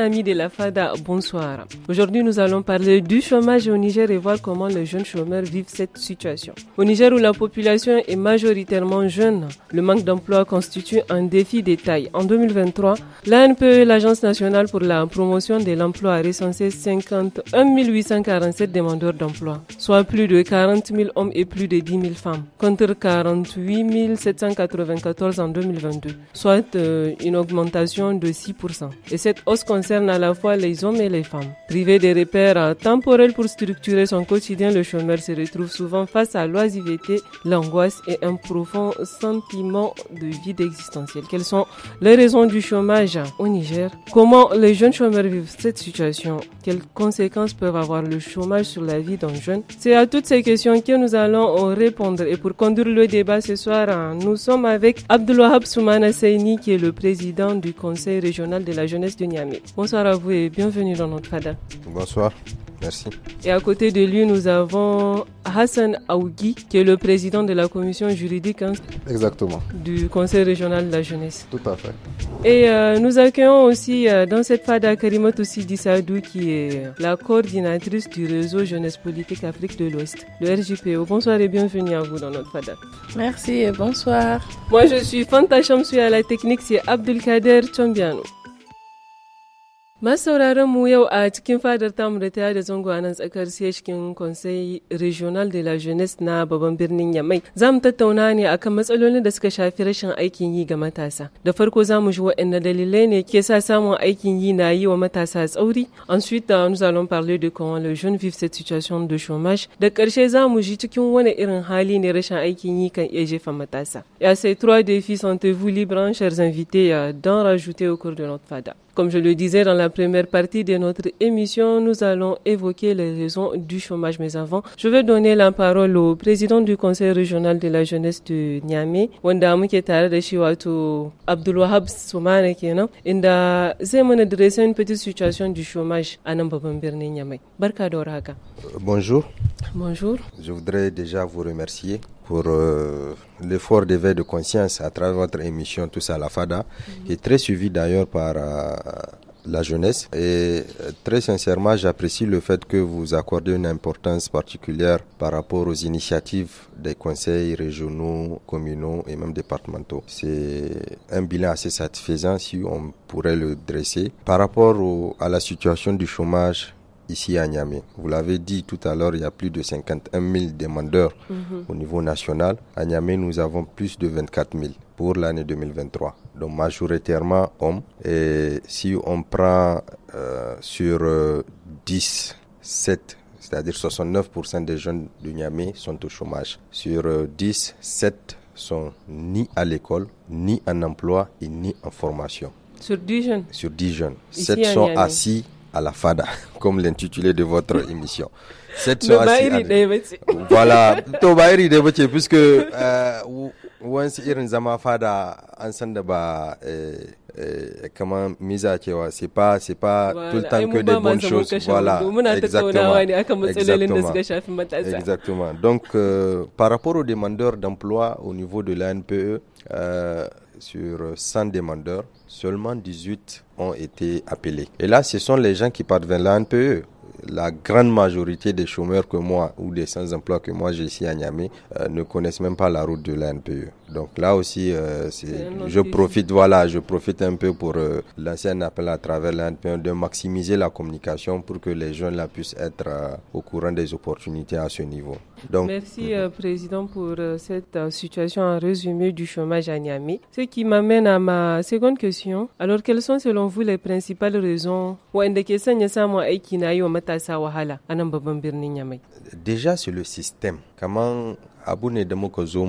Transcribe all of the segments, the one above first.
amis de la FADA, bonsoir. Aujourd'hui, nous allons parler du chômage au Niger et voir comment les jeunes chômeurs vivent cette situation. Au Niger, où la population est majoritairement jeune, le manque d'emploi constitue un défi de taille. En 2023, l'ANPE, l'Agence nationale pour la promotion de l'emploi, a recensé 51 847 demandeurs d'emploi, soit plus de 40 000 hommes et plus de 10 000 femmes, contre 48 794 en 2022, soit euh, une augmentation de 6 Et cette hausse concernent à la fois les hommes et les femmes. Privé des repères temporels pour structurer son quotidien, le chômeur se retrouve souvent face à l'oisiveté, l'angoisse et un profond sentiment de vide existentiel. Quelles sont les raisons du chômage au Niger Comment les jeunes chômeurs vivent cette situation Quelles conséquences peuvent avoir le chômage sur la vie d'un jeune C'est à toutes ces questions que nous allons répondre. Et pour conduire le débat ce soir, nous sommes avec Abdelwahab Soumana Seini, qui est le président du Conseil régional de la jeunesse de Niamey. Bonsoir à vous et bienvenue dans notre FADA. Bonsoir, merci. Et à côté de lui, nous avons Hassan Aougi, qui est le président de la commission juridique hein, Exactement. du Conseil régional de la jeunesse. Tout à fait. Et euh, nous accueillons aussi euh, dans cette FADA Karimot Sidi Sadou, qui est la coordinatrice du réseau Jeunesse Politique Afrique de l'Ouest, le RJPO. Bonsoir et bienvenue à vous dans notre FADA. Merci et bonsoir. Moi, je suis Fanta suis à la technique, c'est Abdelkader Tchombiano masauraran mu yau a cikin fadar tamu da ta da zango a nan tsakar cikin conseil regional de la jeunesse na babban birnin yamai za mu tattauna ne akan matsalolin da suka shafi rashin aikin yi ga matasa da farko za mu ji waɗanne dalilai ne ke sa samun aikin yi na yi wa matasa tsauri ensuite euh, nous allons parler de comment les jeunes vivent cette situation de chômage da ƙarshe za mu ji cikin wani irin hali ne rashin aikin yi kan iya jefa matasa ya sai trois défis sentez-vous libres chers invités euh, d'en rajouter au cours de notre fada comme je le disais dans la première partie de notre émission, nous allons évoquer les raisons du chômage. Mais avant, je vais donner la parole au président du Conseil régional de la jeunesse de Niamey, wanda muke tare Abdulwahab Soumane petite situation du chômage à Niamey. Euh, bonjour. Bonjour. Je voudrais déjà vous remercier pour euh, l'effort d'éveil de conscience à travers votre émission Tous à la Fada, qui mhm. est très suivi d'ailleurs par euh, la jeunesse. Et euh, très sincèrement, j'apprécie le fait que vous accordez une importance particulière par rapport aux initiatives des conseils régionaux, communaux et même départementaux. C'est un bilan assez satisfaisant si on pourrait le dresser. Par rapport à la situation du chômage ici à Niamey. Vous l'avez dit tout à l'heure, il y a plus de 51 000 demandeurs mhm. au niveau national. À Niamey, nous avons plus de 24 000 pour l'année 2023. Donc majoritairement hommes. Et si on prend euh, sur 10, euh, 7, c'est-à-dire 69% des jeunes de Niamey sont au chômage. Sur 10, euh, 7 sont ni à l'école, ni en emploi et ni en formation. Sur 10 jeunes Sur 10 jeunes. 7 sont assis à la fada, comme l'intitulé de votre émission. Cette soirée, voilà, to ba iri dai puisque euh, irin zama fada an san da ba kamar à c'est pas c'est pas tout le temps que des bonnes choses voilà exactement exactement, donc euh, par rapport aux demandeurs d'emploi au niveau de l'ANPE euh, sur 100 demandeurs Seulement 18 ont été appelés. Et là, ce sont les gens qui parviennent à NPE la grande majorité des chômeurs que moi ou des sans-emploi que moi j'ai ici à Niamey euh, ne connaissent même pas la route de l'ANPE. Donc là aussi, euh, je profite, voilà, je profite un peu pour euh, lancer un appel à travers l'ANPE de maximiser la communication pour que les jeunes là, puissent être euh, au courant des opportunités à ce niveau. Merci, Président, pour cette situation en résumé du chômage à Niamey. Ce qui m'amène à ma seconde question. Alors, quelles sont selon vous les principales raisons Déjà, sur le système. Comment abu ne da zo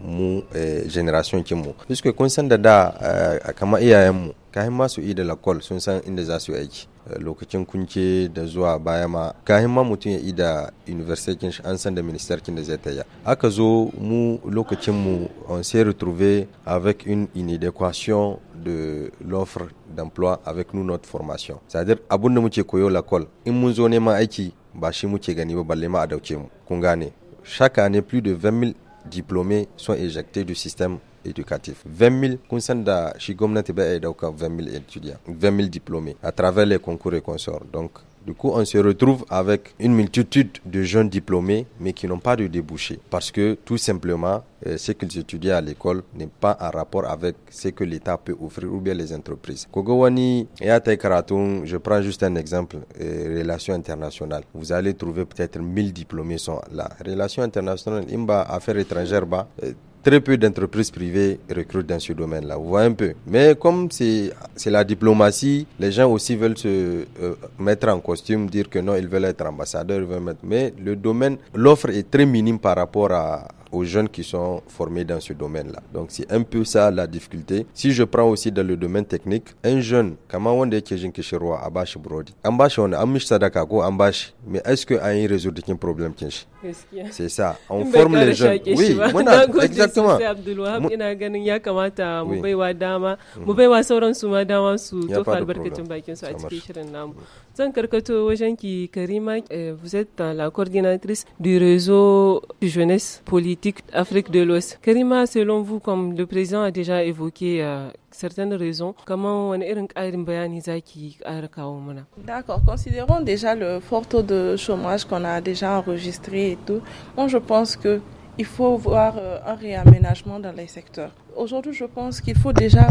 mu eh, generation kin mu puisque kun san da da eh, kamar iyayen mu kahin ma su yi da lakol sun san inda za su aiki eh, lokacin kunce da zuwa baya ma kahin ma mutum ya ida university kin an san da minister da zai taya aka zo mu lokacin mu on s'est retrouvé avec une inadéquation de l'offre d'emploi avec nous notre formation c'est-à-dire abun da muke koyo lakol in mun zo neman aiki ba shi muke gani ba balle ma a dauke mu kun gane chaque année plus de vingt mille diplômés sont éjectés du système éducatif. 20 000, Kunsanda, 20 000 étudiants, 20 000 diplômés à travers les concours et consorts. Donc, du coup, on se retrouve avec une multitude de jeunes diplômés, mais qui n'ont pas de débouchés. Parce que, tout simplement, euh, ce qu'ils étudient à l'école n'est pas en rapport avec ce que l'État peut offrir ou bien les entreprises. Kogowani et Karatung, je prends juste un exemple, euh, relations internationales. Vous allez trouver peut-être 1000 diplômés sont là. Relations internationales, Imba, affaires étrangères, bah, euh, Très peu d'entreprises privées recrutent dans ce domaine-là. Vous voyez un peu. Mais comme c'est la diplomatie, les gens aussi veulent se euh, mettre en costume, dire que non, ils veulent être ambassadeurs, ils veulent mettre. Mais le domaine, l'offre est très minime par rapport à, aux jeunes qui sont formés dans ce domaine-là. Donc c'est un peu ça la difficulté. Si je prends aussi dans le domaine technique, un jeune, comment on dit que kishirwa a bashi brodi, an bashi on an mis ça ko an bashi, mais est-ce que a un résoudre kin problème kin C'est ça, on forme les jeunes. Oui, exactement. vous êtes la coordinatrice du réseau jeunesse politique Afrique de l'Ouest. Karima, selon vous, comme le président a déjà évoqué euh, certaines raisons, comment on est D'accord, considérons déjà le fort taux de chômage qu'on a déjà enregistré et tout. Moi, je pense que il faut voir euh, un réaménagement dans les secteurs. Aujourd'hui, je pense qu'il faut déjà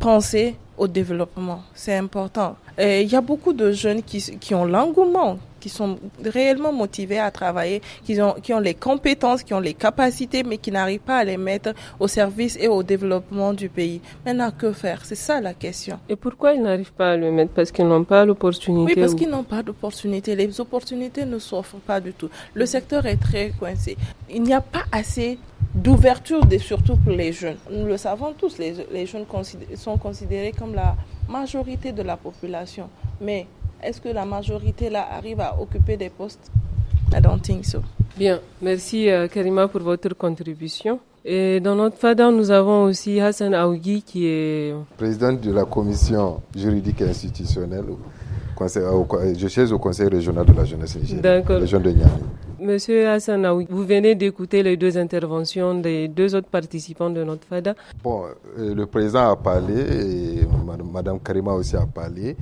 penser au développement. C'est important. Il y a beaucoup de jeunes qui, qui ont l'engouement, qui sont réellement motivés à travailler, qui ont, qui ont les compétences, qui ont les capacités, mais qui n'arrivent pas à les mettre au service et au développement du pays. Maintenant, que faire C'est ça la question. Et pourquoi ils n'arrivent pas à les mettre Parce qu'ils n'ont pas l'opportunité Oui, parce qu'ils n'ont pas d'opportunité. Les opportunités ne s'offrent pas du tout. Le secteur est très coincé. Il n'y a pas assez d'ouverture, surtout pour les jeunes. Nous le savons tous, les, jeunes sont considérés comme la majorité de la population. Mais est-ce que la majorité là arrive à occuper des postes I don't think so. Bien, merci euh, Karima pour votre contribution. Et dans notre FADA, nous avons aussi Hassan Aougi qui est président de la commission juridique institutionnelle je suis au Conseil régional de la jeunesse nigérienne, région de Niamey. Monsieur Hassan vous venez d'écouter les deux interventions des deux autres participants de notre FADA. Euh, le président a parlé et Madame Karima aussi a parlé.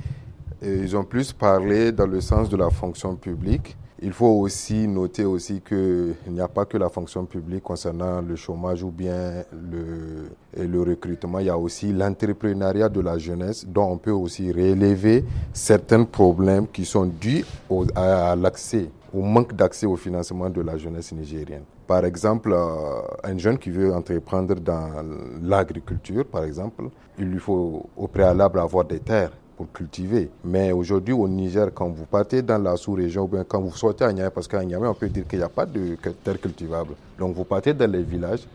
ils ont plus parlé dans le sens de la fonction publique il faut aussi noter aussi qu'il n'y a pas que la fonction publique concernant le chômage ou bien le, le recrutement, il y a aussi l'entrepreneuriat de la jeunesse dont on peut aussi réélever certains problèmes qui sont dus au, à, l'accès, au manque d'accès au financement de la jeunesse nigérienne. Par exemple, euh, un jeune qui veut entreprendre dans l'agriculture, par exemple, il lui faut au préalable avoir des terres cultiver. Mais aujourd'hui, au Niger, quand vous partez dans la sous-région, ou bien quand vous sortez à Niamey, parce qu'à Niamey, on peut dire qu'il n'y a pas de terre cultivable. Donc vous partez dans les villages,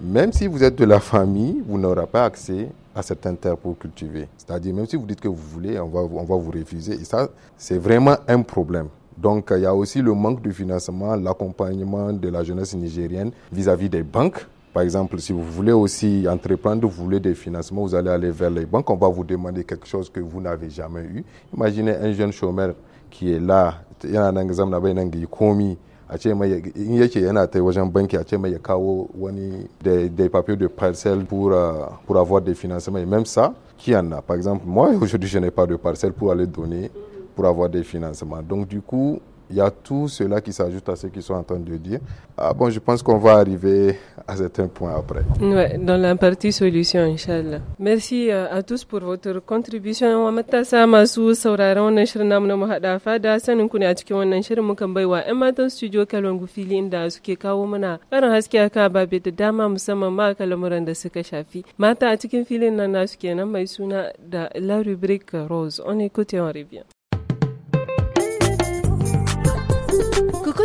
même si vous êtes de la famille, vous n'aurez pas accès à certaines terres pour cultiver. C'est-à-dire, même si vous dites que vous voulez, on va, on va vous refuser. Et ça, c'est vraiment un problème. Donc, il y a aussi le manque de financement, l'accompagnement de la jeunesse nigérienne vis à -vis des banques par exemple, si vous voulez aussi entreprendre, vous voulez des financements, vous allez aller vers les banques, on va vous demander quelque chose que vous n'avez jamais eu. Imaginez un jeune chômeur qui est là, il y a un exemple là-bas, il commis. a des papiers de parcelles pour, euh, pour avoir des financements et même ça qui en a par exemple moi aujourd'hui je n'ai pas de parcelle pour aller donner pour avoir des financements donc du coup il y a tout cela qui s'ajoute à ce qu'ils sont en train de dire. Ah bon, je pense qu'on va arriver à certains points après. Ouais, dans la partie solution, Inch'Allah. Merci euh, à tous pour votre contribution. Wa matasa masu sauraron wannan shirin namu na mu hada fada sanin ku ne a cikin wannan shirin mukan baiwa 'yan matan studio Kalongo fili inda suke kawo mana karin haske akan babe da dama musamman ma kalamuran da suka shafi. Mata a cikin filin nan nasu kenan mai suna da La Rubrique Rose. On écoute et on revient.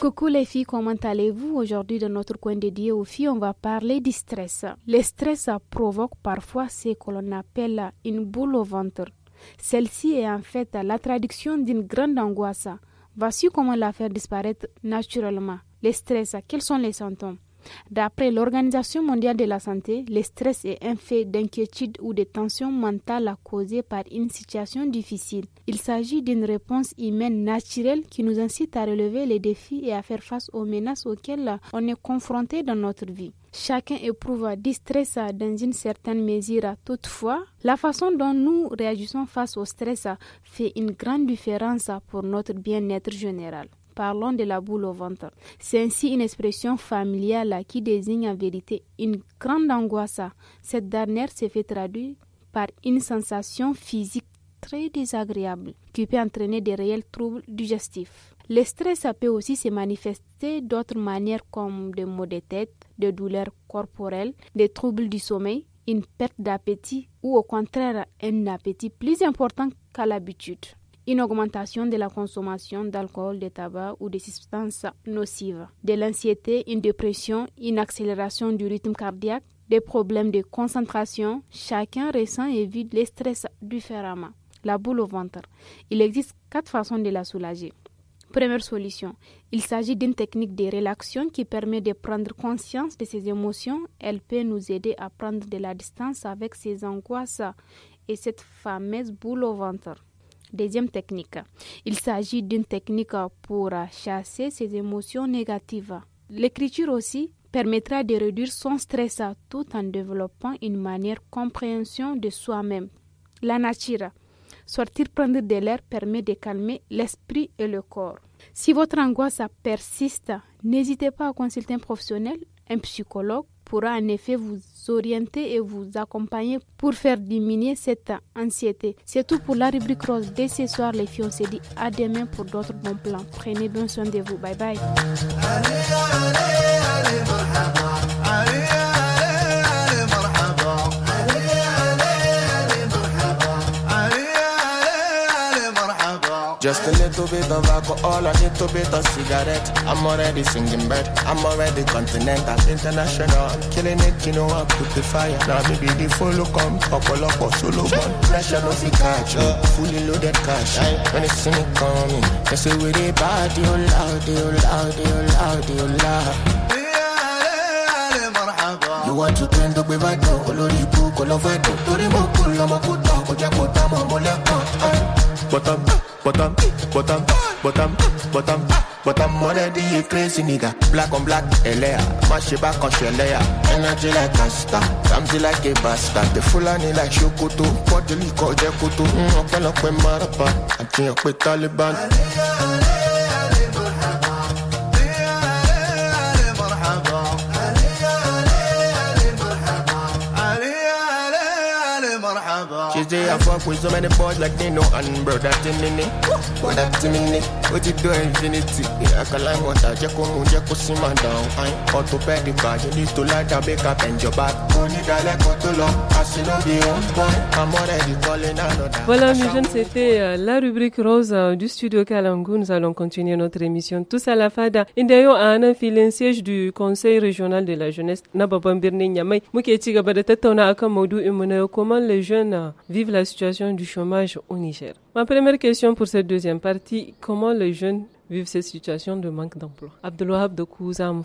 Coucou les filles, comment allez-vous Aujourd'hui, dans notre coin dédié aux filles, on va parler du stress. Le stress provoque parfois ce que l'on appelle une boule au ventre. Celle-ci est en fait la traduction d'une grande angoisse. Voici comment la faire disparaître naturellement. Le stress, quels sont les symptômes D'après l'Organisation mondiale de la santé, le stress est un fait d'inquiétude ou de tension mentale causée par une situation difficile. Il s'agit d'une réponse humaine naturelle qui nous incite à relever les défis et à faire face aux menaces auxquelles on est confronté dans notre vie. Chacun éprouve du stress dans une certaine mesure. Toutefois, la façon dont nous réagissons face au stress fait une grande différence pour notre bien-être général. Parlons de la boule au ventre. C'est ainsi une expression familiale qui désigne en vérité une grande angoisse. Cette dernière se fait traduire par une sensation physique très désagréable qui peut entraîner des réels troubles digestifs. Le stress peut aussi se manifester d'autres manières comme des maux de tête, des douleurs corporelles, des troubles du sommeil, une perte d'appétit ou au contraire un appétit plus important qu'à l'habitude une augmentation de la consommation d'alcool, de tabac ou de substances nocives, de l'anxiété, une dépression, une accélération du rythme cardiaque, des problèmes de concentration. Chacun ressent et vit le stress différemment. La boule au ventre. Il existe quatre façons de la soulager. Première solution, il s'agit d'une technique de relaxation qui permet de prendre conscience de ses émotions. Elle peut nous aider à prendre de la distance avec ses angoisses et cette fameuse boule au ventre. Deuxième technique. Il s'agit d'une technique pour chasser ses émotions négatives. L'écriture aussi permettra de réduire son stress tout en développant une manière compréhension de soi-même. La nature. Sortir prendre de l'air permet de calmer l'esprit et le corps. Si votre angoisse persiste, n'hésitez pas à consulter un professionnel, un psychologue pourra en effet vous orienter et vous accompagner pour faire diminuer cette anxiété. C'est tout pour la rubrique rose. Dès ce soir, les filles, on se dit à demain pour d'autres bons plans. Prenez bien soin de vous. Bye bye. Just a little bit of alcohol, a little bit of cigarette. I'm already singing bird, I'm already continental, international. I'm killing it, you know, I put the fire. Now me be the full come, couple up or solo one. Pressure no fi catch, uh, fully loaded cash. When they see me coming, they say with it bad, oh, oh, oh, you loud, you loud, you loud, you loud. iwájú tẹ́ńdó gbé bá dùn olórí ikú kò lọ́ fẹ́ dùn torí mo kú lọ́mọ kú tán kò jẹ́ kó dá mọ́ mọ́lẹ́kàn. Bottom, bottom, bottom, bottom, bottom. am but i crazy nigga. Black on black, Elea. Mash it back on Shelea. Energy like a star. Something like a bastard. The Fulani like Shokoto. Bodily called Jekoto. Mm, I'm gonna quit Marapa. I think I'll Taliban. She say I fuck with so many boys like they know and bro that in minute. What that in minute? What you do infinity? Yeah, I can like what I check on Jack Simon down. I ought to pay the car. You need to light a bake up and your back. Only that like what to love. I see no be on point. I'm already calling another. Voilà mes jeunes, c'était euh, la rubrique rose euh, du studio Kalangu. Nous allons continuer notre émission tous à la fada. Indayo a nan filin siège du Conseil régional de la jeunesse na babban birnin Yamai. Muke ci gaba da tattauna akan maudu'in mu na comment les jeunes euh, Vive la situation du chômage au Niger. Ma première question pour cette deuxième partie, comment les jeunes vivent ces situations de manque d'emploi. on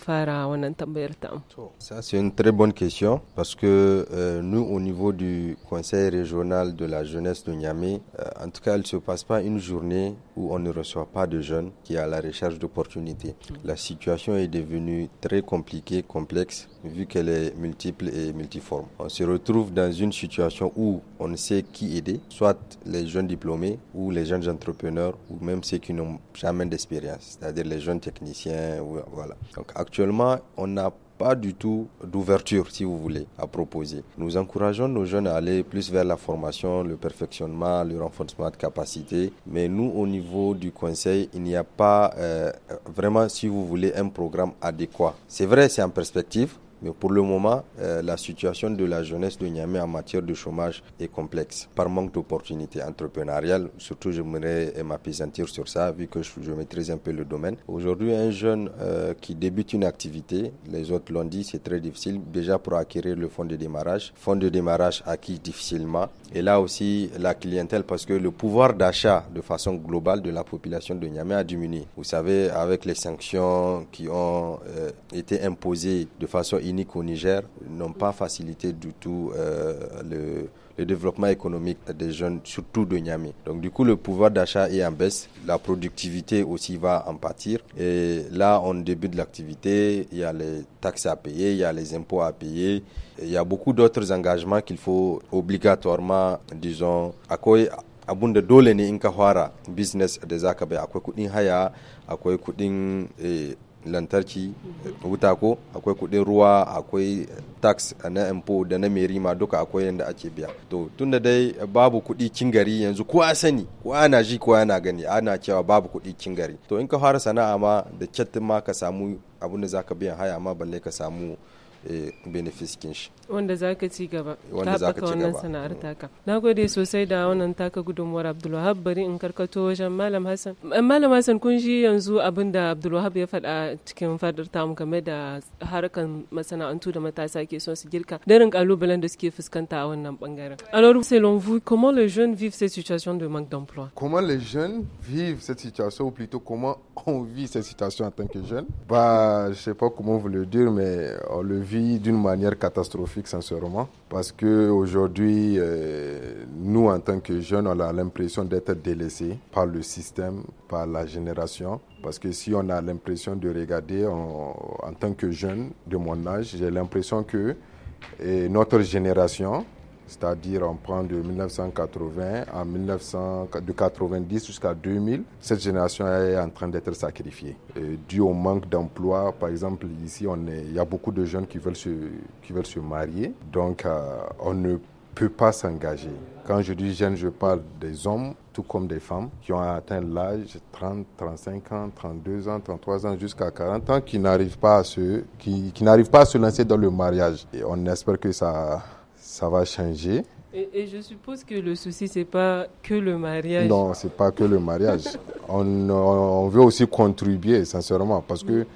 Ça, c'est une très bonne question parce que euh, nous, au niveau du Conseil régional de la jeunesse de Niamey, euh, en tout cas, il ne se passe pas une journée où on ne reçoit pas de jeunes qui sont à la recherche d'opportunités. Mm. La situation est devenue très compliquée, complexe, vu qu'elle est multiple et multiforme. On se retrouve dans une situation où on ne sait qui aider, soit les jeunes diplômés ou les jeunes entrepreneurs ou même ceux qui n'ont jamais d'esprit c'est-à-dire les jeunes techniciens. Voilà. Donc actuellement, on n'a pas du tout d'ouverture, si vous voulez, à proposer. Nous encourageons nos jeunes à aller plus vers la formation, le perfectionnement, le renforcement de capacité. Mais nous, au niveau du conseil, il n'y a pas euh, vraiment, si vous voulez, un programme adéquat. C'est vrai, c'est en perspective, mais pour le moment, euh, la situation de la jeunesse de Niamey en matière de chômage est complexe par manque d'opportunités entrepreneuriales. Surtout, j'aimerais euh, m'apaisantir sur ça vu que je, maîtrise un peu le domaine. Aujourd'hui, un jeune euh, qui débute une activité, les autres l'ont dit, c'est très difficile déjà pour acquérir le fonds de démarrage. Fonds de démarrage acquis difficilement. Et là aussi, la clientèle, parce que le pouvoir d'achat de façon globale de la population de Niamey a diminué. Vous savez, avec les sanctions qui ont été imposées de façon au Niger n'ont pas facilité du tout euh, le, développement économique des jeunes, surtout de Niamey. Donc du coup, le pouvoir d'achat est en baisse, la productivité aussi va en pâtir. Et là, on débute l'activité, il y a les taxes à payer, il y a les impôts à payer, il y a beaucoup d'autres engagements qu'il faut obligatoirement, disons, accueillir abunda dole ne in ka fara business da zaka kudin haya kudin eh, lantarki wuta ko akwai kuɗin ruwa akwai tax na impo da na merima duka akwai yadda ake biya to tunda dai babu kuɗi cin gari yanzu kowa sani kowa na ji kowa na gani ana cewa babu kuɗi cin gari to in ka fara sana'a ma da chat ma ka samu abun da zaka biyan haya ma balle ka samu E, benefits kin shi wanda za ka ci gaba wanda za ka ci gaba sana'ar taka na gode sosai da wannan taka gudunmuwar abdulwahab bari in karkato wajen malam hassan eh, malam hassan kun ji yanzu abin da abdulwahab ya faɗa cikin fadar tamu game da harkan masana'antu da matasa ke son su girka darin kalubalen da suke fuskanta a wannan bangaren alors selon vous comment les jeunes vivent cette situation de manque d'emploi comment les jeunes vivent cette situation ou plutôt comment on vit cette situation en tant que jeune bah je sais pas comment vous le dire mais on le vit d'une manière catastrophique, sincèrement, parce que aujourd'hui, euh, nous, en tant que jeunes, on a l'impression d'être délaissés par le système, par la génération. Parce que si on a l'impression de regarder, en tant que jeune de mon âge, j'ai l'impression que et eh, notre génération, c'est-à-dire on prend de 1980 à 1990 jusqu'à 2000, cette génération est en train d'être sacrifiée. dû au manque d'emploi, par exemple ici, on est, il y a beaucoup de jeunes qui veulent se, qui veulent se marier, donc euh, on ne peut pas s'engager. Quand je dis jeunes, je parle des hommes tout comme des femmes qui ont atteint l'âge 30, 35 ans, 32 ans, 33 ans jusqu'à 40 ans qui n'arrivent pas à se qui n'arrivent pas à se lancer dans le mariage. Et on espère que ça ça va changer. Et, je suppose que le souci, ce n'est pas que le mariage. Non, ce n'est pas que le mariage. on, veut aussi contribuer, sincèrement, parce que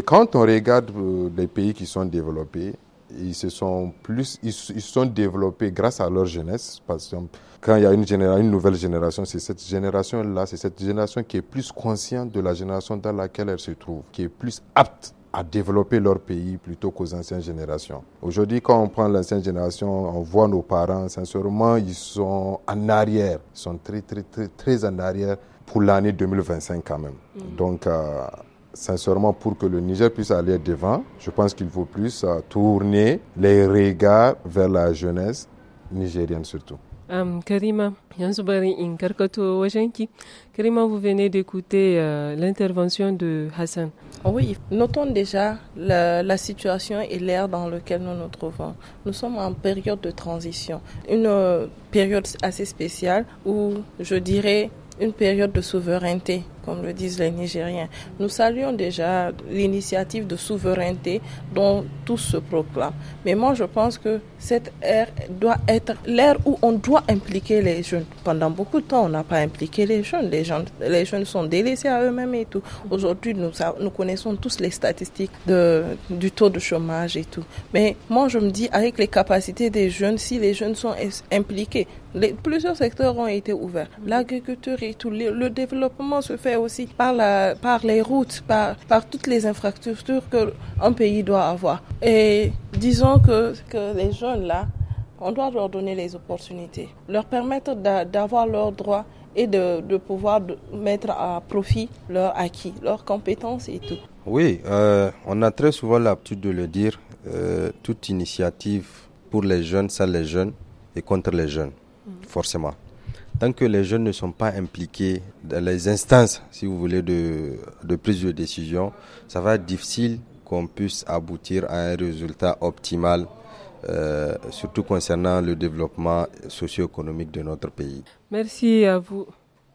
quand on regarde euh, les pays qui sont développés, ils se sont plus, ils, sont développés grâce à leur jeunesse. Parce que quand il y a une, génération, une nouvelle génération, c'est cette génération-là, c'est cette génération qui est plus consciente de la génération dans laquelle elle se trouve, qui est plus apte à développer leur pays plutôt qu'aux anciennes générations. Aujourd'hui, quand on prend l'ancienne génération, on voit nos parents, sincèrement, ils sont en arrière, ils sont très, très, très, très en arrière pour l'année 2025 quand même. Mm. Donc, euh, sincèrement, pour que le Niger puisse aller devant, je pense qu'il faut plus euh, tourner les regards vers la jeunesse nigérienne surtout. Karima, Karima, vous venez d'écouter euh, l'intervention de Hassan. Oui, notons déjà la, situation et l'ère dans laquelle nous nous trouvons. Nous sommes en période de transition, une euh, période assez spéciale où je dirais une période de souveraineté comme le disent les Nigériens. Nous saluons déjà l'initiative de souveraineté dont tout se proclament. Mais moi, je pense que cette ère doit être l'ère où on doit impliquer les jeunes. Pendant beaucoup de temps, on n'a pas impliqué les jeunes. Les jeunes, sont délaissés à eux-mêmes et tout. Aujourd'hui, nous, nous connaissons tous les statistiques du taux de chômage et tout. Mais moi, je me dis, avec les capacités des jeunes, si les jeunes sont impliqués, plusieurs secteurs ont été ouverts. L'agriculture et tout, le développement se fait aussi par, par les routes, par, par toutes les infrastructures qu'un pays doit avoir. Et disons que, les jeunes, là, on doit leur donner les opportunités, leur permettre d'avoir leurs droits et de, de, pouvoir mettre à profit leurs acquis, leurs compétences et tout. Oui, euh, on a très souvent l'habitude de le dire, euh, toute initiative pour les jeunes, ça les jeunes et contre les jeunes, mm. forcément. Tant que les jeunes ne sont pas impliqués dans les instances, si vous voulez, de, prise de décision, ça va être difficile qu'on puisse aboutir à un résultat optimal euh, surtout concernant le développement socio-économique de notre pays. Merci à vous.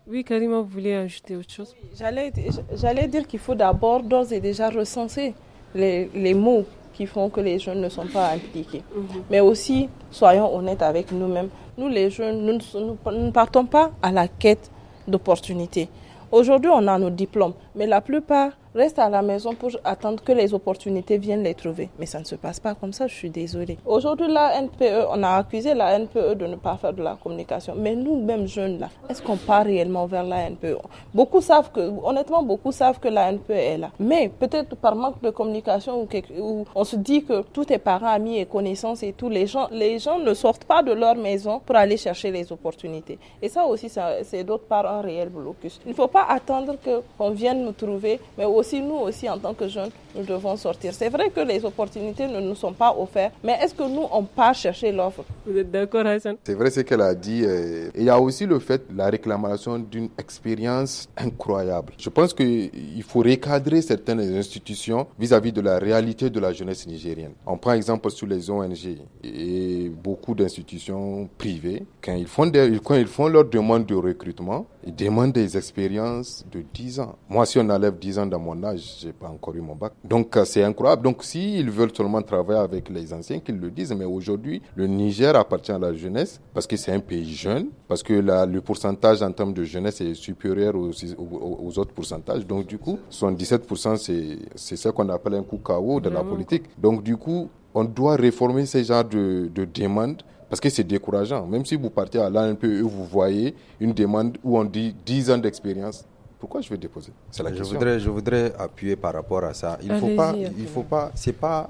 Oui, Karima, vous voulez ajouter autre chose J'allais dire qu'il faut d'abord, d'ores et déjà, recenser les mots qui font que les jeunes ne sont pas impliqués. Mhm. Mais aussi, soyons honnêtes avec nous-mêmes. Nous, les jeunes, nous, ne partons pas à la quête d'opportunités. Aujourd'hui, on a nos diplômes, mais la plupart reste à la maison pour attendre que les opportunités viennent les trouver. Mais ça ne se passe pas comme ça, je suis désolée. Aujourd'hui, la NPE, on a accusé la NPE de ne pas faire de la communication. Mais nous-mêmes, jeunes, là, est-ce qu'on part réellement vers la NPE Beaucoup savent que, honnêtement, beaucoup savent que la NPE est là. Mais peut-être par manque de communication ou, on se dit que tous tes parents, amis et connaissances et tous les gens, les gens ne sortent pas de leur maison pour aller chercher les opportunités. Et ça aussi, c'est d'autre part un réel blocus. Il ne faut pas attendre qu'on vienne nous trouver, mais au aussi, nous aussi, en tant que jeunes, nous devons sortir. C'est vrai que les opportunités ne nous sont pas offertes, mais est-ce que nous, on pas cherché l'offre Vous êtes d'accord, Hassan C'est vrai ce qu'elle a dit. Euh, il y a aussi le fait, la réclamation d'une expérience incroyable. Je pense qu'il faut recadrer certaines institutions vis-à-vis de la réalité de la jeunesse nigérienne. On prend exemple sur les ONG et beaucoup d'institutions privées. Quand ils, font des, quand ils font leur demande de recrutement, ils demandent des expériences de 10 ans. Moi, si on enlève 10 ans dans mon mon âge, j'ai pas encore eu mon bac. Donc euh, c'est incroyable. Donc s'ils veulent seulement travailler avec les anciens, qu'ils le disent. Mais aujourd'hui, le Niger appartient à la jeunesse parce que c'est un pays jeune, parce que le pourcentage en termes de jeunesse est supérieur aux, autres pourcentages. Donc du coup, 77%, c'est ce qu'on appelle un coup KO de la politique. Donc du coup, on doit réformer ces genres de, de demandes parce que c'est décourageant. Même si vous partez à l'ANPE, vous voyez une demande où on dit 10 ans d'expérience. Pourquoi je vais déposer C'est la je Voudrais, je voudrais appuyer par rapport à ça. Il ne faut pas, il faut pas, c'est pas.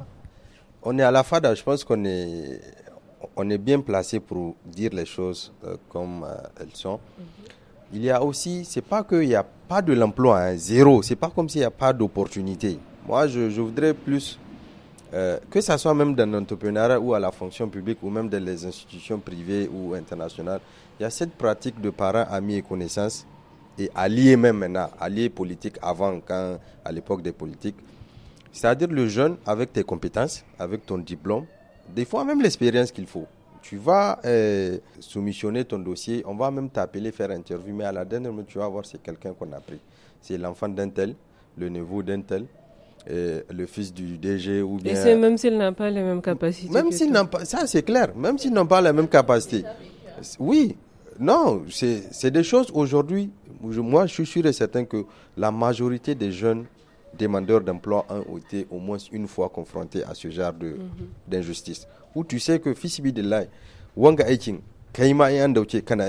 On est à la FADA, je pense qu'on est, on est bien placé pour dire les choses euh, comme euh, elles sont. Mhm. Il y a aussi, c'est pas qu'il n'y a pas de l'emploi, à hein, zéro. C'est pas comme s'il n'y a pas d'opportunité. Moi, je, voudrais plus, euh, que ça soit même dans l'entrepreneuriat ou à la fonction publique ou même dans les institutions privées ou internationales, il y a cette pratique de parents, amis et connaissances et alliés même maintenant, alliés politique avant, quand, à l'époque des politiques. C'est-à-dire le jeune, avec tes compétences, avec ton diplôme, des fois même l'expérience qu'il faut. Tu vas euh, soumissionner ton dossier, on va même t'appeler faire interview, mais à la dernière minute, tu vas voir c'est quelqu'un qu'on a pris. C'est l'enfant d'un tel, le neveu d'un tel, euh, le fils du DG ou bien. Et c'est même s'il n'a pas les mêmes capacités. Même s'il pas, ça c'est clair, même s'ils n'ont pas les mêmes capacités. Oui, non, c'est des choses aujourd'hui. Moi, je suis sûr et certain que la majorité des jeunes demandeurs d'emploi ont été au moins une fois confrontés à ce genre mhm. d'injustice. Mm Où tu sais que fisibi de lai, wanga aikin, kaima yan dauke kana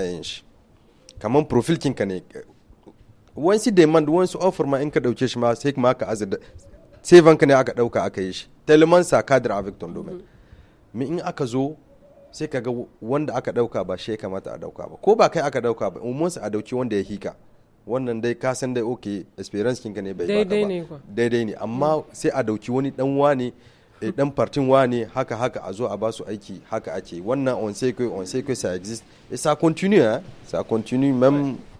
Kaman profil kin ka ne. Euh, demande, demand, offer ma in ka dauke shi ma sai ma ka azada. Sai ne aka dauka Tellement ça cadre avec ton domaine. Mhm. Mais in aka sai ka ga wanda aka dauka ba shi kamata a dauka ba ko ba kai aka dauka ba umunsa a dauki wanda ya hika wannan dai ka san dai okay experience kinka ne bai baka ba daidai ne amma sai a dauki wani dan wane dan eh, partin wane haka haka a zo a ba su aiki haka ake wannan on sai on sai ça exist et continue sa ça continue même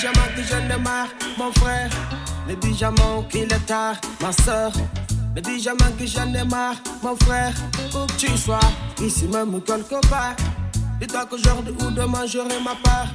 pyjama que je ne marre, mon frère. Le pyjama qu'il est tard, ma soeur. Le pyjama que je ne marre, mon frère. Où que tu sois, ici même ou quelque part. Dis-toi qu'aujourd'hui ou demain j'aurai ma part.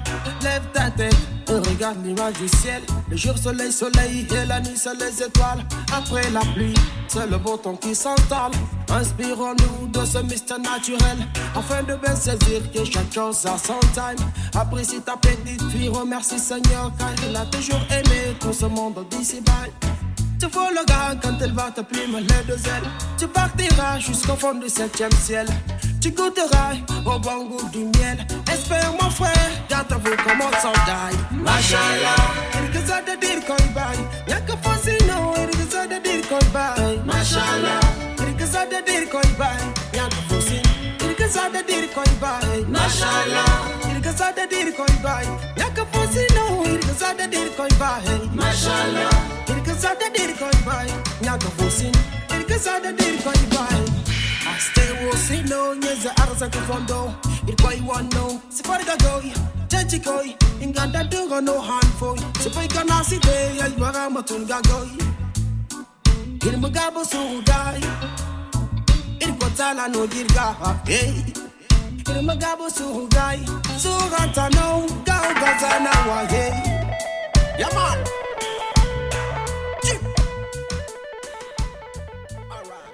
Lève ta tête et regarde l'image du ciel. Le jour, soleil, soleil et la nuit, c'est les étoiles. Après la pluie, c'est le beau temps qui s'entale. Inspirons-nous de ce mystère naturel afin de bien saisir que chaque chose a son time. Apprécie ta petite fille, remercie Seigneur car il a toujours aimé tout ce monde d'ici bas. Tu vois le gars quand elle va t'appuyer les deux ailes. Tu partiras jusqu'au fond du septième ciel. tu goûteras au bon goût du miel. Espère mon frère, garde vous comme on s'en taille. Machala, il ça de dire qu'on baille. Y'a que fascinant, il ça de dire qu'on baille. Machala, il ça de dire qu'on baille. Y'a que fascinant, il ça de dire qu'on baille. Machala, il ça de dire qu'on baille. Y'a que il ça de dire qu'on baille. Machala, il ça de dire qu'on baille. Y'a que il ça de dire qu'on baille. Stay wo si no nyeze arasa kufondo Irkoi wano Sifari gagoi Chechi koi Inganda dungo no hanfoi Sipai kanasi te Yalwaga matun gagoi Irmugabo sugai Irkotala no dirga Hey mugabo sugai Sugata no Gaugata na wa Hey Yeah man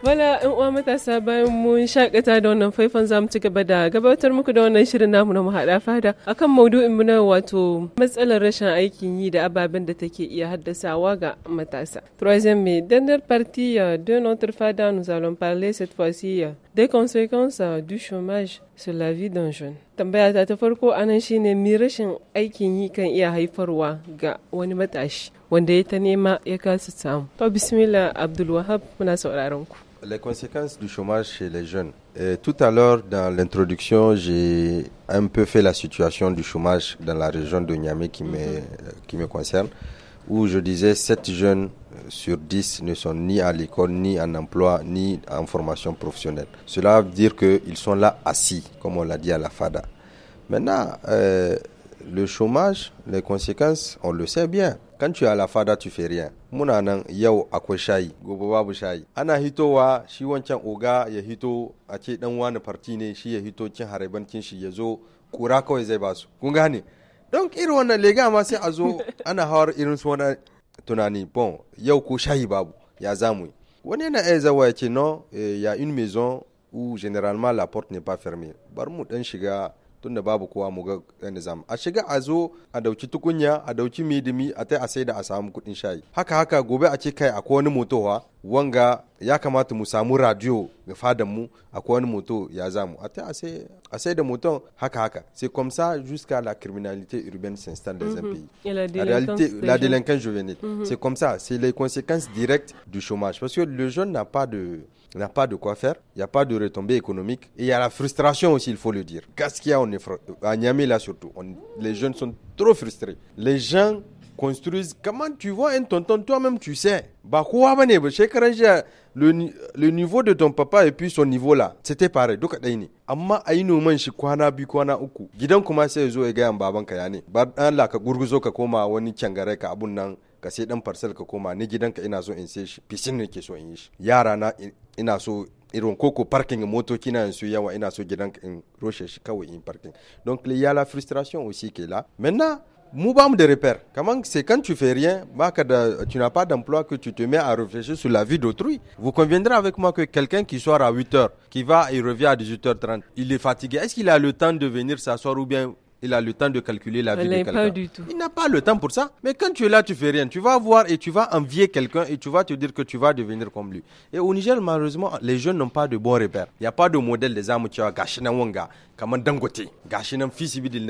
Wala in uwa matasa bayan mun shakata da wannan faifan zamu ci gaba da gabatar muku da wannan shirin namu na muhada fada akan maudu'in mu na wato matsalar rashin aikin yi da ababen da take iya haddasawa ga matasa. Troisième mai dernière partie euh, de notre fada nous allons parler cette fois-ci euh, des conséquences euh, du chômage sur la vie d'un jeune. Tambaya ta ta farko anan shine mi rashin aikin yi kan iya haifarwa ga wani matashi wanda ya ta nema ya kasa samu. To bismillah Abdul Wahab muna sauraron ku. Les conséquences du chômage chez les jeunes. tout à l'heure, dans l'introduction, j'ai un peu fait la situation du chômage dans la région de Niamey qui, mhm. qui me concerne, où je disais 7 jeunes sur 10 ne sont ni à l'école, ni en emploi, ni en formation professionnelle. Cela veut dire qu'ils sont là assis, comme on l'a dit à la FADA. Maintenant, euh, le chômage, les conséquences, on le sait bien. Quand tu as la fada, tu fais rien. Munanan yau akwai shayi, babu shayi. Ana shi oga ya hito a ce dan wani farti ne shi ya hito cin haraibancin shi yazo kura kawai zai basu. Kun gane? Don irin wannan lega ma sai a zo ana hawar irin su wani tunani. Bon, yau ko shayi babu, ya zamu Wani yana iya zawa ya eh, ya une maison où généralement la porte n'est pas fermée. Bar mu dan shiga tunda babu kowa mu ga yadda a shiga a zo a dauki tukunya a dauki midimi a tai a sai da a samu kudin shayi haka haka gobe a ce kai akwai wani motowa wanga ya kamata mu samu radio ga fadan mu akwai wani moto ya zamu a tai a sai da moton haka haka c'est comme ça jusqu'à la criminalité urbaine s'installe dans un mhm. pays la réalité la délinquance juvénile mhm. c'est comme ça c'est les conséquences directes du chômage parce que le jeune n'a pas de il n'y a pas de quoi faire, il n'y a pas de retombées économiques et il y a la frustration aussi, il faut le dire. Qu'est-ce qu'il y a on à Niamey là surtout Les jeunes sont trop frustrés. Les gens construisent. Comment tu vois un tonton Toi-même, tu sais. le, le niveau de ton papa et puis son niveau là, c'était pareil. Donc, ama Amma aino man shi kwana bi kwana uku. Gidan kuma sai zo ya ga yan babanka ya ne. Ba Allah ka gurguzo ka koma wani ka abun nan ka ne parking na donc il y a la frustration aussi qui est là maintenant mu ba mu repères. comment c'est quand tu fais rien tu n'as pas d'emploi que tu te mets à réfléchir sur la vie d'autrui vous conviendrez avec moi que quelqu'un qui sort à 8h qui va et revient à 18h30 il est fatigué est-ce qu'il a le temps de venir s'asseoir ou bien il a le temps de calculer la vie de quelqu'un. Il n'a pas le temps pour ça. Mais quand tu es là, tu fais rien. Tu vas voir et tu vas envier quelqu'un et tu vas te dire que tu vas devenir comme lui. Et au Niger, malheureusement, les jeunes n'ont pas de bons repères. Il n'y a pas de modèle des armes. Tu as Gachina Wanga, Kaman Dangote, Gachina Fils Bidil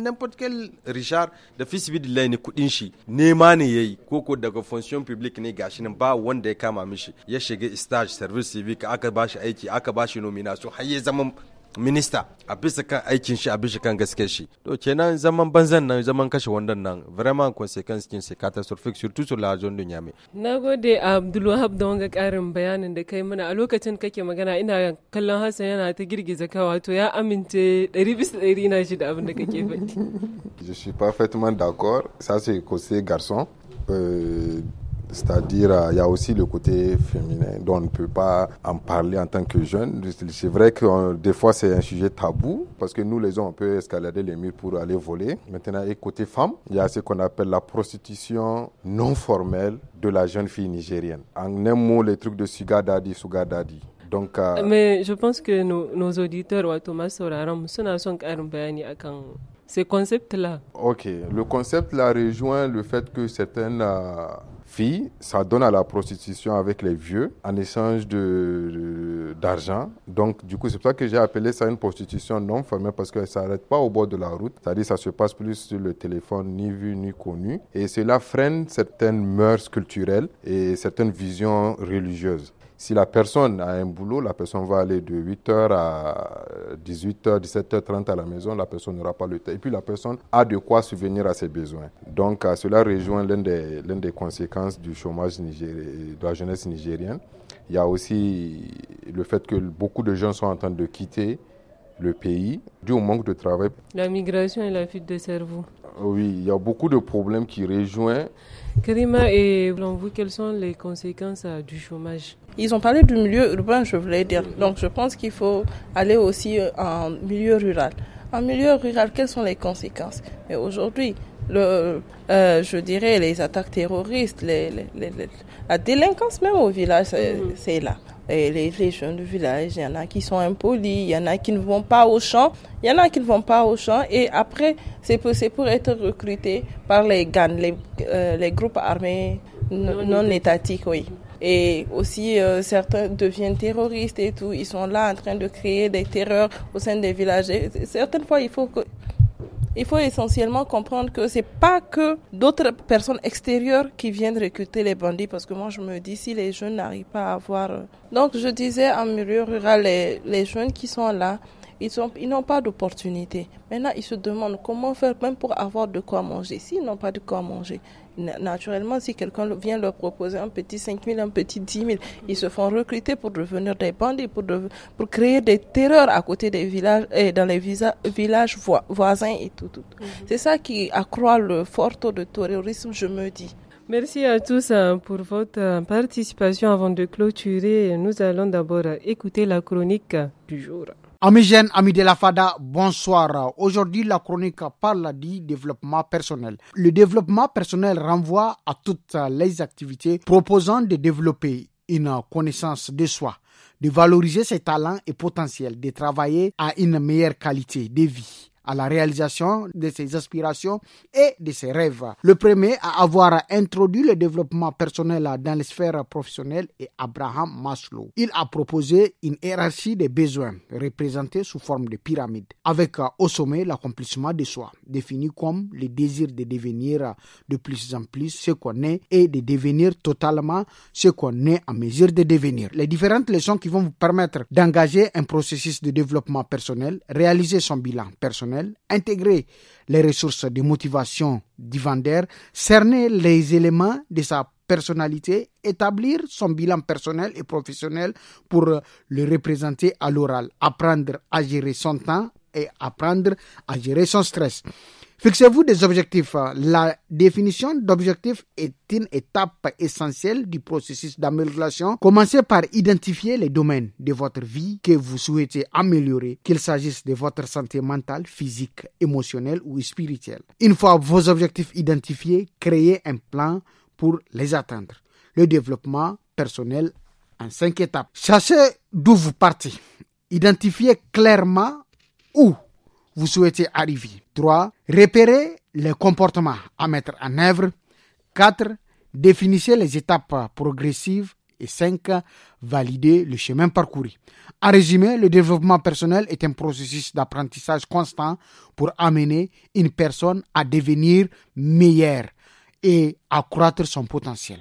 n'importe quel Richard de Fils Bidil Naine, Koudinchi, Neymane Yei, Koko de fonction publique ne Gachina Ba Wande Kamamishi, Yeshege stage, service civique, akabash Aiki, akabash nomination, Haye Zaman minista a bisa kan aikin shi a bisa kan gaske shi to kenan zaman banzan nan zaman kashe wandan nan vraiment consequence kin c'est surtout sur la zone de Niamey nagode Abdulwahab da wanga karin bayanin da kai mana a lokacin kake magana ina kallon Hassan yana ta girgiza kawa to ya amince 100% na shi da abin da kake faɗi je suis parfaitement d'accord ça c'est garçon euh, C'est-à-dire, euh, il y a aussi le côté féminin dont on ne peut pas en parler en tant que jeune. C'est vrai que euh, des fois, c'est un sujet tabou parce que nous, les hommes, on peut escalader les murs pour aller voler. Maintenant, et côté femme, il y a ce qu'on appelle la prostitution non formelle de la jeune fille nigérienne. En un mot, les trucs de sugadadi, sugadadi. Donc, euh, Mais je pense que nos, nos auditeurs, Thomas Soraram, ce concept-là. Ok, le concept-là rejoint le fait que certaines ça donne à la prostitution avec les vieux en échange d'argent. De, d'argent Donc, du coup, c'est pour ça que j'ai appelé ça une prostitution non formelle parce qu'elle ne s'arrête pas au bord de la route. C'est-à-dire, ça se passe plus sur le téléphone, ni vu, ni connu. Et cela freine certaines mœurs culturelles et certaines visions religieuses. Si la personne a un boulot, la personne va aller de 8h à 18h, euh, 17h30 à la maison, la personne n'aura pas le temps. Et puis la personne a de quoi subvenir à ses besoins. Donc euh, cela rejoint l'une des, des, conséquences du chômage de la jeunesse nigérienne. Il y a aussi le fait que beaucoup de gens sont en train de quitter le pays dû au manque de travail. La migration et la fuite de cerveau. Oui, il y a beaucoup de problèmes qui rejoignent. Karima, et selon vous, quelles sont les conséquences euh, du chômage Ils ont parlé du milieu urbain, je voulais dire. Donc je pense qu'il faut aller aussi euh, en milieu rural. En milieu rural, quelles sont les conséquences Mais aujourd'hui, le, euh, je dirais les attaques terroristes, les, les, les, la délinquance même au village, c'est mhm. là et les, régions jeunes du village, il y en a qui sont impolis, il y en a qui ne vont pas au champ, il y en a qui ne vont pas au champ. Et après, c'est pour, pour être recruté par les GAN, euh, les, groupes armés non, étatiques, oui. Et aussi, euh, certains deviennent terroristes et tout. Ils sont là en train de créer des terreurs au sein des villages. certaines fois, il faut que il faut essentiellement comprendre que c'est pas que d'autres personnes extérieures qui viennent recruter les bandits, parce que moi je me dis si les jeunes n'arrivent pas à avoir. Euh, Donc je disais en milieu rural, les, les jeunes qui sont là, ils n'ont ils pas d'opportunité. Maintenant, ils se demandent comment faire même pour avoir de quoi manger. S'ils n'ont pas de quoi manger, naturellement, si quelqu'un vient leur proposer un petit 5 000, un petit 10 000, ils se font recruter pour devenir des bandits, pour, pour créer des terreurs à côté des villages, et eh, dans les villages voisins et tout. tout. Mhm. C'est ça qui accroît le fort taux de terrorisme, je me dis. Merci à tous euh, pour votre euh, participation. Avant de clôturer, nous allons d'abord écouter la chronique du jour. Amis jeunes, amis de la FADA, bonsoir. Aujourd'hui, la chronique parle du développement personnel. Le développement personnel renvoie à toutes les activités proposant de développer une connaissance de soi, de valoriser ses talents et potentiels, de travailler à une meilleure qualité de vie à la réalisation de ses aspirations et de ses rêves. Le premier à avoir introduit le développement personnel dans les sphères professionnelles est Abraham Maslow. Il a proposé une hiérarchie des besoins représentée sous forme de pyramide, avec euh, au sommet l'accomplissement de soi, défini comme le désir de devenir de plus en plus ce qu'on est et de devenir totalement ce qu'on est en mesure de devenir. Les différentes leçons qui vont vous permettre d'engager un processus de développement personnel, réaliser son bilan personnel, intégrer les ressources de motivation du cerner les éléments de sa personnalité, établir son bilan personnel et professionnel pour le représenter à l'oral, apprendre à gérer son temps et apprendre à gérer son stress. Fixez-vous des objectifs. Hein. La définition d'objectifs est une étape essentielle du processus d'amélioration. Commencez par identifier les domaines de votre vie que vous souhaitez améliorer, qu'il s'agisse de votre santé mentale, physique, émotionnelle ou spirituelle. Une fois vos objectifs identifiés, créez un plan pour les atteindre. Le développement personnel en cinq étapes. Cherchez d'où vous partez. Identifiez clairement où vous souhaitez arriver. 3. Repérez les comportements à mettre en œuvre. 4. Définissez les étapes progressives. Et 5. Validez le chemin parcouru. En résumé, le développement personnel est un processus d'apprentissage constant pour amener une personne à devenir meilleure et accroître son potentiel.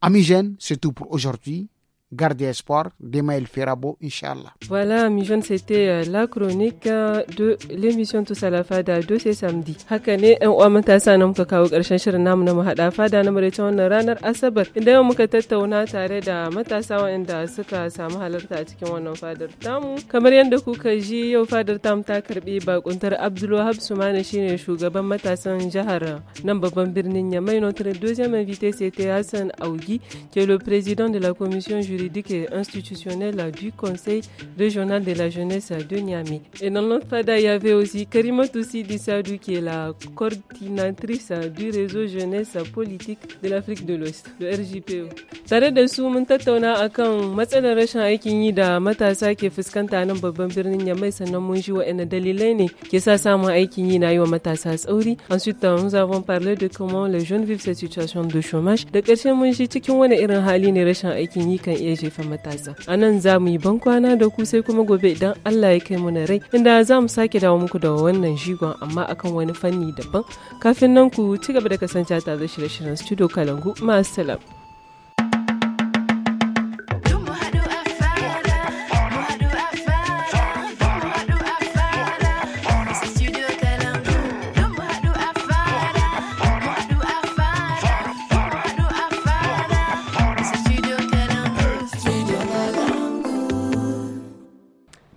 Amis c'est tout pour aujourd'hui. Gardien Espoir d'Emaël Ferrabo, Inch'Allah. Voilà, mes jeunes, c'était euh, la chronique euh, de l'émission Tous à la Fada de ce samedi. Haka ne ‘yan uwa matasa na muka kawo ƙarshen shirin namu na mahaɗa fada na maraicin wannan ranar Asabar, inda yau muka tattauna tare da matasa waɗanda suka samu halarta a cikin wannan fadar tamu. Kamar yadda kuka ji yau fadar tamu ta karbi bakuntar Wahab Sumani shine shugaban matasan jihar nan babban birnin Yamai. Notre deuxième invité c'était Hassan Augi, qui est le président de la commission juridique et institutionnelle du Conseil régional de la jeunesse de Niamey. Et dans notre FADA, il y avait aussi Karima Toussi Dissadou qui est la coordinatrice du réseau jeunesse politique de l'Afrique de l'Ouest, le RJPO. E. Tare da su mun tattauna akan matsalar rashin aikin yi da matasa ke fuskanta nan babban birnin Niamey sannan mun ji wa'anne dalilai ne ke sa samun aikin yi na yi wa matasa tsauri. Ensuite, nous avons parlé de comment les jeunes vivent cette situation de chômage. Da ƙarshe mun ji cikin wani irin hali ne rashin aikin yi kan iya iya jefa matasa a nan za mu yi bankwana da ku sai kuma gobe idan allah ya kai mana rai inda za mu sake dawo muku da wannan jigon amma akan wani fanni daban kafin nan ku ci gaba da kasance tare da shirye-shiryen studio kalangu masu salam